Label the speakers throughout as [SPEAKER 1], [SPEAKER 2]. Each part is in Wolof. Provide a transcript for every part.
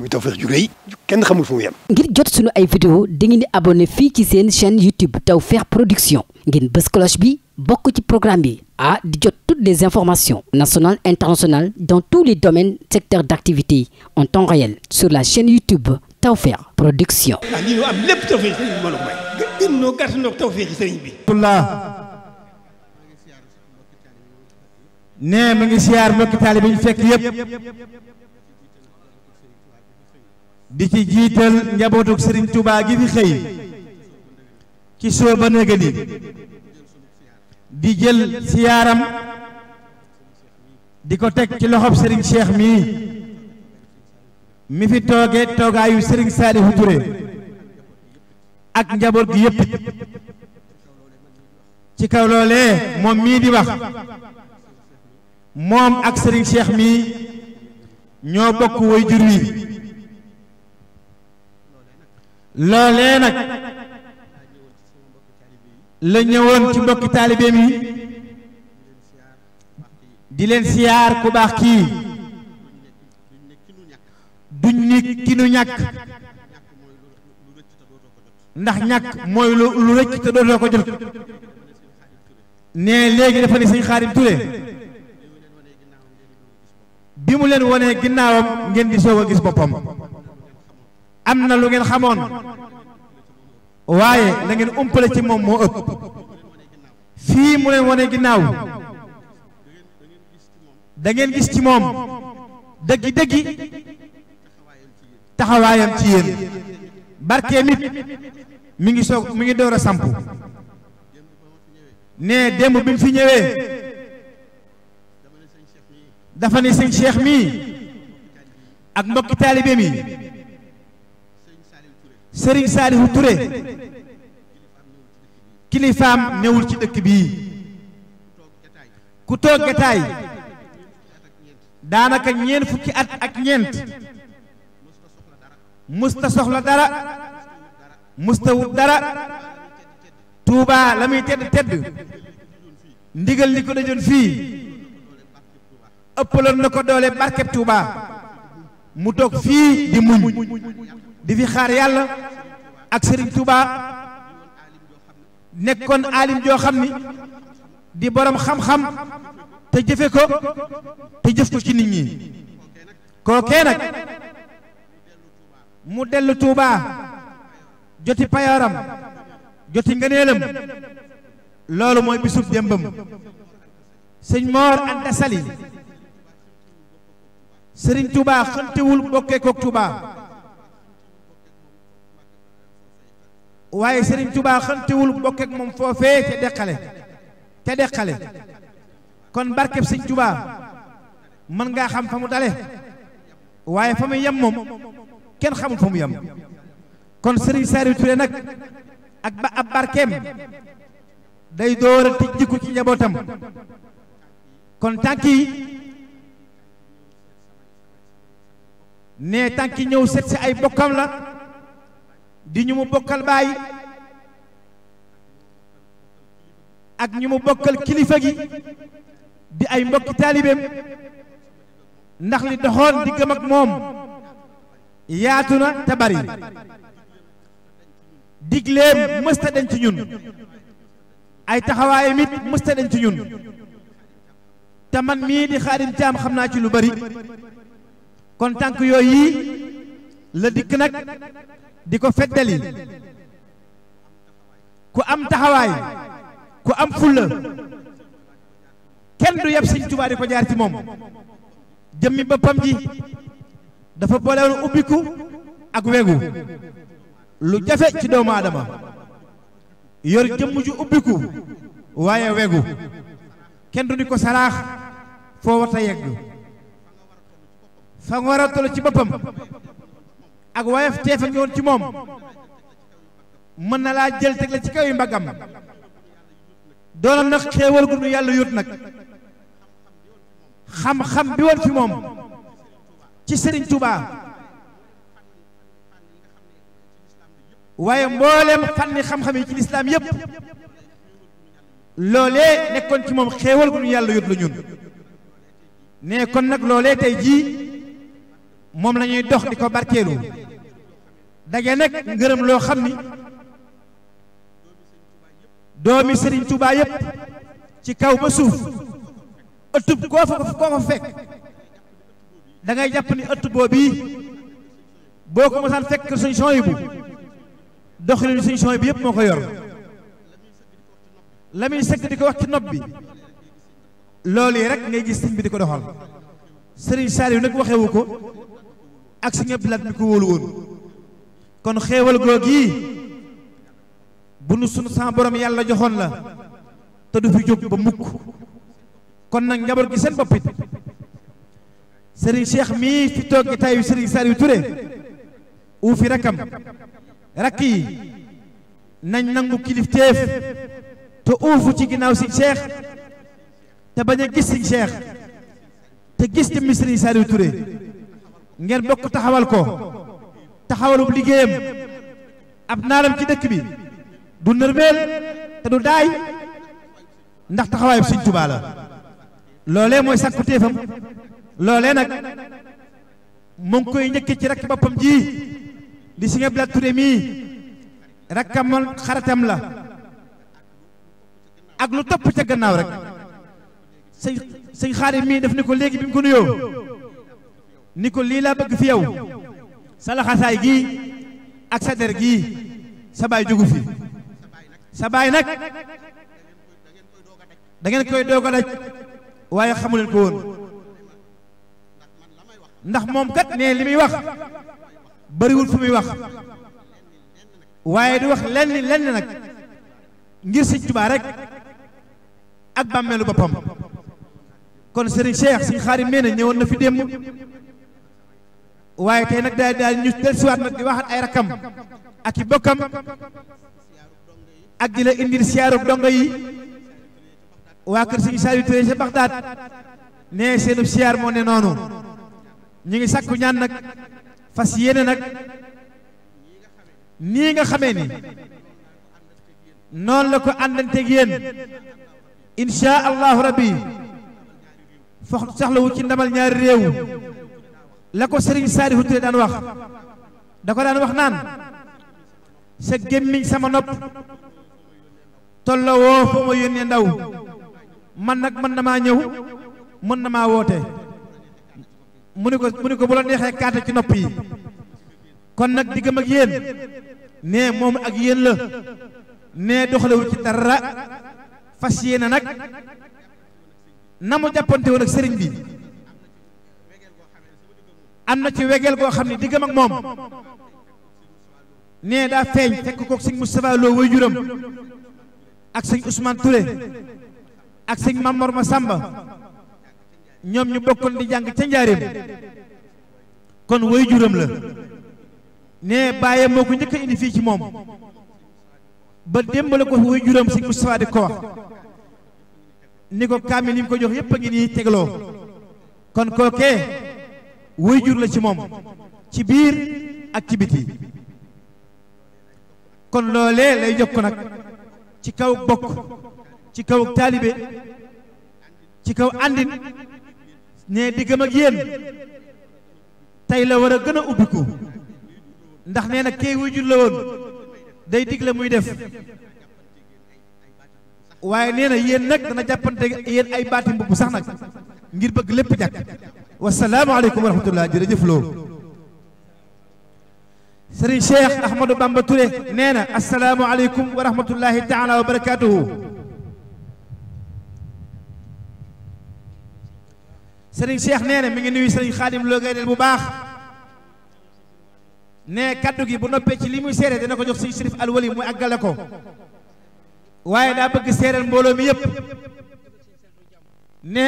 [SPEAKER 1] muy Tawfekh ju rëy kenn xamul fu ngir jot sunu ay vidéo dangeen di abonné fii ci seen chaîne YouTube Tawfekh Production ngeen bës bi bokk ci programme bi ah di jot toutes les informations nationales internationales dans tous les domaines secteurs d'activité en temps réel sur la chaîne YouTube Tawfekh Production. ah la may. gën noo gàtt noo Tawfekh sëriñ nee ma ngi siyaar mbokki taalibe bi fekk yépp di ci jiital njabootuk sëriñ tubaa gi fi xëy ci sooba nëgëni di jël siyaaram di ko teg ci loxob sëriñ Cheikh mii mi fi tooge toogaayu sëriñ Saalihu Ture ak njaboot gi yépp ci kaw loolee moom mii di wax moom ak sëriñ Cheikh mii ñoo bokk way jur loolee nag la ñëwoon ci mbokki taalibeem yi di leen siyaar ku baax kii duñ ni ki nu ñàkk ndax ñàkk mooy lu lu rëcc te dootoo ko jot ne léegi dafa ne sëñ Xaadim Ture bi mu leen wonee ginnaawam ngeen di soow a gis boppam am na lu ngeen xamoon waaye la ngeen umpale ci moom moo ëpp fii mu leen wane ginnaaw da ngeen gis ci moom dëggi dëggi taxawaayam ci yéen barkeem it mi ngi soog mi ngi door a samp ne démb bi mu fi ñëwee dafa ne sëñ Cheikh mii ak mbokki taalibe mi
[SPEAKER 2] sëriñ Saalihu Ture
[SPEAKER 1] kilifaam newul ci dëkk bii ku toog gataay daanaka ñeent fukki at ak ñeent musta soxla dara musta wut dara Tuubaa la muy tedd tedd ndigal li ko dajoon fii ëppaloon na ko doole barkeb Tuubaa mu toog fii di muñ di fi xaar yàlla ak Serigne Touba nekkoon alim joo xam ni di borom xam-xam te jëfe ko te jëf ko ci nit ñi kookee nag mu dellu Touba joti payaaram joti ngëneelam loolu mooy bisub démbam sëñ Mor Anta Sali Serigne Touba xëntewul bokkee kook Touba waaye sëriñ Tuubaa xantewul bokk ak moom foofee ca deqale ca deqale kon barkeb sëriñ Tuubaa mën ngaa xam fa mu dale waaye fa mu yem moom kenn xamul fa mu yem kon sëriñ Saaliw Ture nag ak ba ab barkeem day dóora te jikku ci njabootam kon tànk yi ne tànk yi ñëw set si ay bokkam la di ñu mu bokkal baay ak ñu mu bokkal kilifa gi di ay mbokki taalibeem ndax li doxoon diggam ak moom yaatu na te bari digleem mësta dañ ci ñun ay taxawaayam it mësta dañ ci ñun te man mii di xaadim caam xam naa ci lu bari kon tànk yooyu la dikk nag di ko feddali ku am taxawaay ku am fulla kenn du yab sëñ Tuubaa di ko jaar ci moom jëmmi boppam ji dafa boole ubbiku ak wegu lu jafe ci doomu aadama yor jëmm ju ubbiku waaye wegu kenn du di ko saraax foo warta yegg fa nga ci boppam ak wayaf teefa ngi woon ci moom mën na laa jël teg ci kaw yi mbaggam doonam nag xéewal gu nu yàlla yoot nag xam-xam bi woon ci moom ci Serigne Touba waaye mbooleem fànni xam-xam yi ci lislaam yépp loolee nekkoon ci moom xéewal gu nu yàlla yót la ñun ne kon nag loolee tey jii moom la ñuy dox di ko barkeelu daje nag ngërëm loo xam ni doomi sëriñ Touba yëpp ci kaw ba suuf ëttub koo fa koo fekk da jàpp ni ëtt boobu boo ko mosaan fekk suñ son yi bu doxalin suñ bi yëpp moo ko yor la muy di ko wax ci nopp bi loolu yi rek ngay gis sëñ di ko doxal Serigne Saliou nag waxewu ko. ak si ñëpp lat mi ko wóolu woon kon xéewal goog yii bu nu sunu sama borom yàlla joxoon la te du fi jóg ba mukk kon nag njaboot gi seen bopp it sëriñ Cheikh mii fi toog jataayu sëriñ Saliou Touré uu fi rakkam rakk yi nañ nangu kilifteef te uufu ci ginnaaw sëriñ Cheikh te bañ a gis sëriñ Cheikh te gis jëmmi sëriñ Saliou Touré ngeen bokk taxawal ko taxawalub liggéeyam ab naalam ci dëkk bi du nërmeel te du daay ndax taxawaayub Sëñ Tuubaa la loolee mooy sàkku téefam loolee nag mu ngi koy njëkke ci rakk boppam ji di si nga bilaat Touré mii rakkam xaratam la ak lu topp ca gannaaw rek sëñ sëñ mii daf ni ko léegi bi mu ko nuyoo ni ko lii laa bëgg fi yow sa laxasaay gii ak sa der gii sa baay jugu fi sa baay nag da ngeen koy doog waaye xamu leen ko woon ndax moom kat nee li muy wax bariwul fu muy wax waaye di wax lenn lenn nag ngir sëñ Tuubaa rek ak bàmmeelu boppam kon Serigne Cheikh Serigne Xaadim nee ñëwoon na fi démb waaye tey nag daal daal ñu dellusiwaat nag di waxaat ay rakam ak i bokkam ak di la indil siyaarub dongo yi waa kër suñu Saliou Touré ca Baxdaad nee seenub siyaar moo ne noonu ñu ngi sakku ñaan nag fas yéene nag nii nga xamee ni noonu la ko àndanteeg yéen insha allahu rabbi fox saxlawu ci ndamal ñaari réew la ko sëriñ Saalihu Ture daan wax da ko daan wax naan sa gémmiñ sama nopp tolla woo fa ma ndaw man nag mën na maa ñëw mën na maa woote mu ni ko mu ni ko bu la neexee kaata ci nopp yi kon nag diggam ak yéen nee moom ak yéen la nee doxalewul ci dara fas yéene nag na mu jàppante ak sëriñ bi am na ci wegeel goo xam ne diggam ak moom nee daa feeñ fekk kook sëñ Moustapha Lo way juram ak sëñ Ousmane Touré ak sëñ Mamor Masamba ñoom ñu bokkoon di jàng ca njaareem kon way juram la nee bàyyee moo ko njëkk indi fii ci moom ba démb la ko way juram sëñ Moustapha di ko wax ni ko kaamil yi ko jox yépp a ngi nii tegloo kon kookee jur la ci moom ci biir ak ci biti kon loolee lay jokk nag ci kaw bokk ci kaw taalibe ci kaw àndin ne diggam ak yéen tey la war a gën a ubbiku ndax nee na kay jur la woon day digle muy def waaye nee na yéen nag dana jàppante yéen ay baati mbubb sax nag ngir bëgg lépp jàkk wasalaamaaleykum wa rahmatulah jërëjëf loo sëriñ Cheikh Ahmadou Bamba Touré nee na asalaamualeykum wa rahmatulahi taala wa barakaatuhu. sëriñ Cheikh nee na mi ngi nuyu sëriñ Xaadim Lo Gaydel bu baax. ne kaddu gi bu noppee ci li muy seere dina ko jox sëriñ Chérif Al Wali muy àggale ko. waaye daa bëgg seereel mbooloo mi yëpp. ne.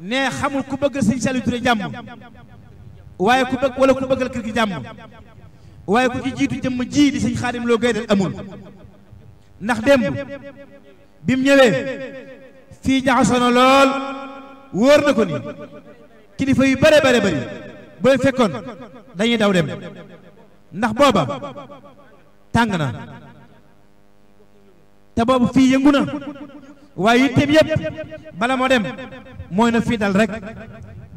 [SPEAKER 1] nee xamul ku bëgg sëñ Saliou Touré jàmm waaye ku bëgg wala ku bëggal kër gi jàmm waaye ku ci jiitu jëmm ji di sëñ Xaadim Lo Gaydel amul ndax démb bi mu ñëwee fii jaxasoo na lool wóor na ko ni kilifa yu bare bare bari bu leen fekkoon dañuy daw dem ndax booba tàng na te boobu fii yëngu waaye yitteem yëpp bala moo dem mooy na fii dal rek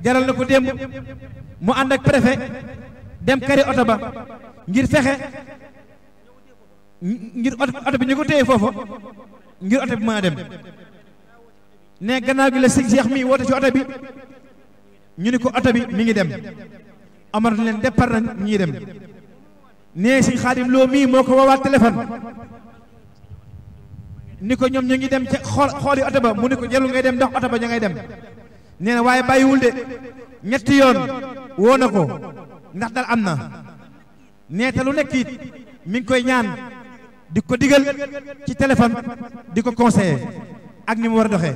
[SPEAKER 1] jaral na ko démb mu ànd ak préfet dem kari oto ba ngir fexe ngir oto bi ñu ko téye foofa ngir oto bi mën a dem ne gannaaw gi la sëñ Cheikh mi woote ci oto bi ñu ni ko oto bi mi ngi dem amar leen départ na ñii dem ne sëñ Xaadim loo mii moo ko woowaat téléphone ni ko ñoom ñu ngi dem ca xool xooli oto ba mu ni ko jëlu ngay dem ndax oto ba ña ngay dem nee na waaye bàyyiwul de ñetti yoon woo na ko ndax dal am na nee te lu nekk it mi ngi koy ñaan di ko digal ci téléphone di ko conseiller ak ni mu war a doxee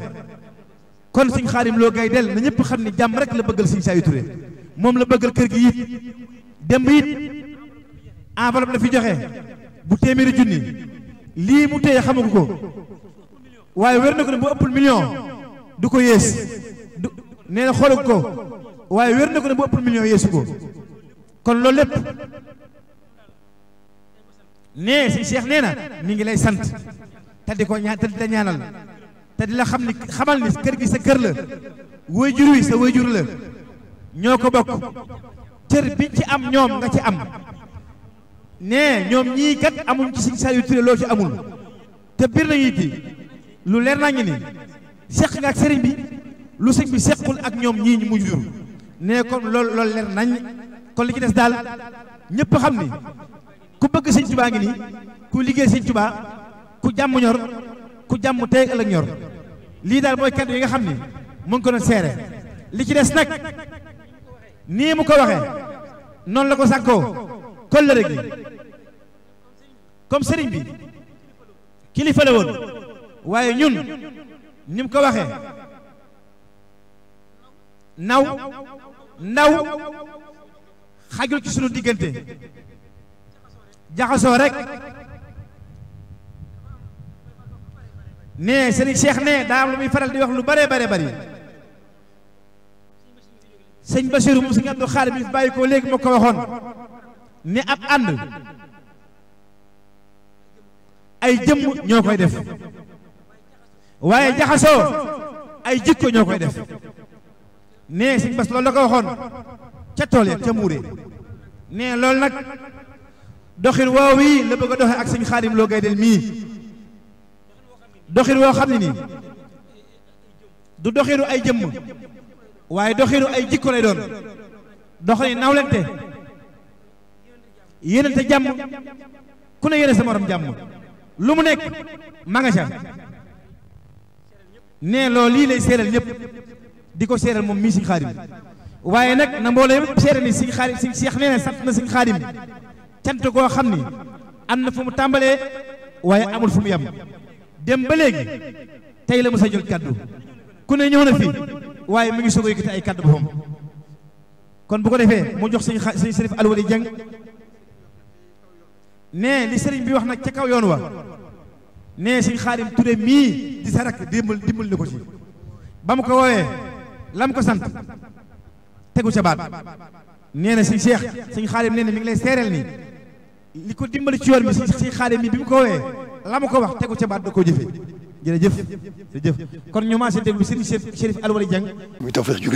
[SPEAKER 1] kon Sëñ Xaadim Lo Gaye del na ñëpp xam ni jàmm rek la bëggal Sëñ Saliou Touré moom la bëggal kër gi it démb it enveloppe la fi joxe bu téeméeri junni lii mu téye xamagu ko waaye wér na ko ne bu ëppul million du ko yées du nee na ko waaye wér na ko ne bu ëppul million yéesu ko kon loolu lépp nee si Cheikh nee na mi ngi lay sant te di ko ñaan te di la ñaanal te di la xam ni xamal ni kër gi sa kër la wayjur wi sa wayjur la ñoo ko bokk cër bi ci am ñoom nga ci am ne ñoom ñii kat amuñ ci Serigne Saliou Touré loo ci amul te biir nañu it lu leer nañu ni seq nga ak sëriñ bi lu sëñ bi sequl ak ñoom ñii ñu mu jur ne kon loolu loolu leer kon li ci des daal ñëpp xam ni ku bëgg sëñ Tuubaa ngi nii ku liggéey sëñ cubaa ku jàmm ñor ku jàmm tey ëllëg ñor lii daal mooy kàddu yi nga xam ni mu ngi ko seere li ci des nag nii mu ko waxee noonu la ko sàkkoo kollëre gi comme sëriñ bi kilifa la woon waaye ñun ni mu ko waxee naw ndaw xajul ci sunu diggante jaxasoo rek nee sëriñ Cheikh ne daa am lu muy faral di wax lu bare bare bari sëñ Basiru mu sëñ Abdou Xaalim bi bàyyi ko léegi moo ko waxoon ne ab ànd ay jëmm ñoo koy def waaye jaxasoo ay jikko ñoo koy def nee sëñ Bass loolu la ko waxoon ca tool ya ca muure nee loolu nag doxin woow yi la bëgg a doxe ak sëñ Xaadim Lo Gaydel mii doxin woo xam ne nii du doxinu ay jëmm waaye doxinu ay jikko lay doon doxinu nawlante yéenante jàmm ku ne yéene sa morom jàmm lu mu nekk ma nga ca ne loolu lii lay seeral ñëpp di ko seeral moom mii siñ xaadim waaye nag na mbooloo yëpp seeral ni siñ xaadim siñ seex nee na sant na siñ xaadim cant koo xam ni am na fu mu tàmbalee waaye amul fu mu yem dem ba léegi tey la mu sa jot kàddu ku ne ñëw na fi waaye mu ngi soog a yëkkati ay kàddu boppam kon bu ko defee mu jox suñu xa Alwali Jeng ne li seriñ bi wax na ca kaw yoon wa ne sëñ Xaadim Ture mii di sa rakk dimbal dimbal ni ko ci ba mu ko woowee lam ko sant tegu ca baat nee na sëñ Cheikh sëñ Xaadim nee na mi ngi lay seereel nii li ko dimbali ci yoon bi sëñ Xaadim mi bi mu ko woowee la mu ko wax tegu ca baat da koo jëfee jërëjëf jërëjëf kon ñu maa si déglu Serigne Chérif Alwali Dieng. muy Tawfekh ju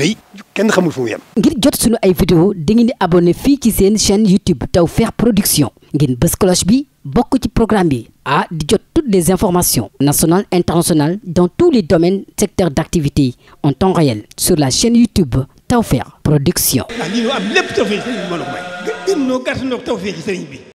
[SPEAKER 1] kenn xamul fu mu yem. ngir jot sunu ay vidéo dangeen di abonné fii ci seen chaîne YouTube Tawfekh Production ngeen bës bi bokk ci programme bi ah di jot toutes les informations nationales internationales dans tous les domaines secteurs d'activité en temps réel sur la chaîne YouTube Tawfekh Production. Ah,